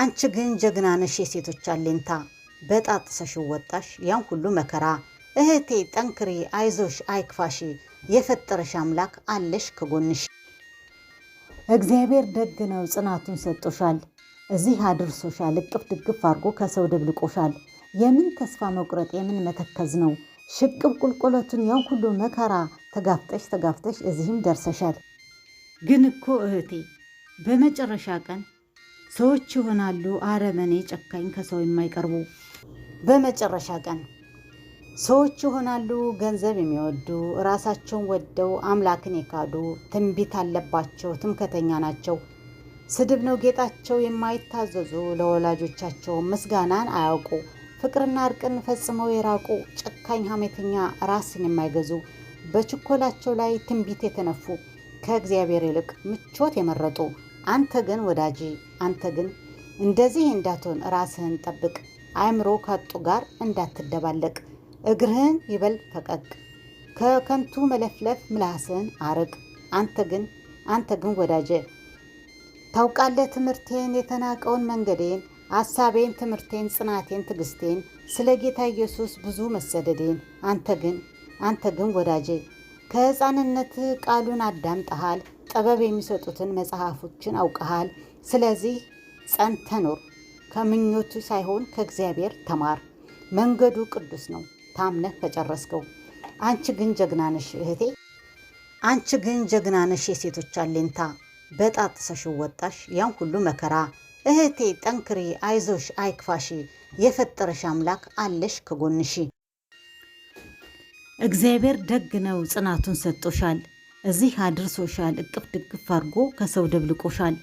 አንቺ ግን ጀግና ነሽ፣ የሴቶች አለኝታ በጣጥሰሽ ወጣሽ ያን ሁሉ መከራ። እህቴ ጠንክሬ አይዞሽ፣ አይክፋሽ፣ የፈጠረሽ አምላክ አለሽ ከጎንሽ። እግዚአብሔር ደግ ነው፣ ጽናቱን ሰጦሻል፣ እዚህ አድርሶሻል፣ እቅፍ ድግፍ አድርጎ ከሰው ደብልቆሻል። የምን ተስፋ መቁረጥ የምን መተከዝ ነው? ሽቅብ ቁልቁለቱን ያን ሁሉ መከራ ተጋፍጠሽ ተጋፍጠሽ እዚህም ደርሰሻል። ግን እኮ እህቴ በመጨረሻ ቀን ሰዎች ይሆናሉ አረመኔ፣ ጨካኝ፣ ከሰው የማይቀርቡ በመጨረሻ ቀን ሰዎች ይሆናሉ ገንዘብ የሚወዱ ራሳቸውን ወደው አምላክን የካዱ ትንቢት አለባቸው፣ ትምከተኛ ናቸው፣ ስድብ ነው ጌጣቸው፣ የማይታዘዙ ለወላጆቻቸው ምስጋናን አያውቁ፣ ፍቅርና እርቅን ፈጽመው የራቁ ጨካኝ፣ ሐሜተኛ፣ ራስን የማይገዙ በችኮላቸው ላይ ትንቢት የተነፉ ከእግዚአብሔር ይልቅ ምቾት የመረጡ አንተ ግን ወዳጅ አንተ ግን እንደዚህ እንዳትሆን ራስህን ጠብቅ። አእምሮ ከጡ ጋር እንዳትደባለቅ፣ እግርህን ይበል ፈቀቅ። ከከንቱ መለፍለፍ ምላስህን አርቅ። አንተ ግን አንተ ግን ወዳጄ ታውቃለህ ትምህርቴን የተናቀውን መንገዴን አሳቤን ትምህርቴን ጽናቴን ትግስቴን ስለ ጌታ ኢየሱስ ብዙ መሰደዴን። አንተ ግን አንተ ግን ወዳጄ ከሕፃንነት ቃሉን አዳምጠሃል። ጥበብ የሚሰጡትን መጽሐፎችን አውቀሃል። ስለዚህ ጸንተ ኑር። ከምኞቱ ሳይሆን ከእግዚአብሔር ተማር። መንገዱ ቅዱስ ነው። ታምነህ ከጨረስከው። አንቺ ግን ጀግናነሽ እህቴ፣ አንቺ ግን ጀግናነሽ የሴቶች አሌንታ። በጣጥሰሽ ወጣሽ ያን ሁሉ መከራ። እህቴ ጠንክሪ፣ አይዞሽ፣ አይክፋሽ። የፈጠረሽ አምላክ አለሽ ከጎንሽ። እግዚአብሔር ደግ ነው፣ ጽናቱን ሰጦሻል እዚህ አድርሶሻል። እቅፍ ድግፍ አድርጎ ከሰው ደብልቆሻል።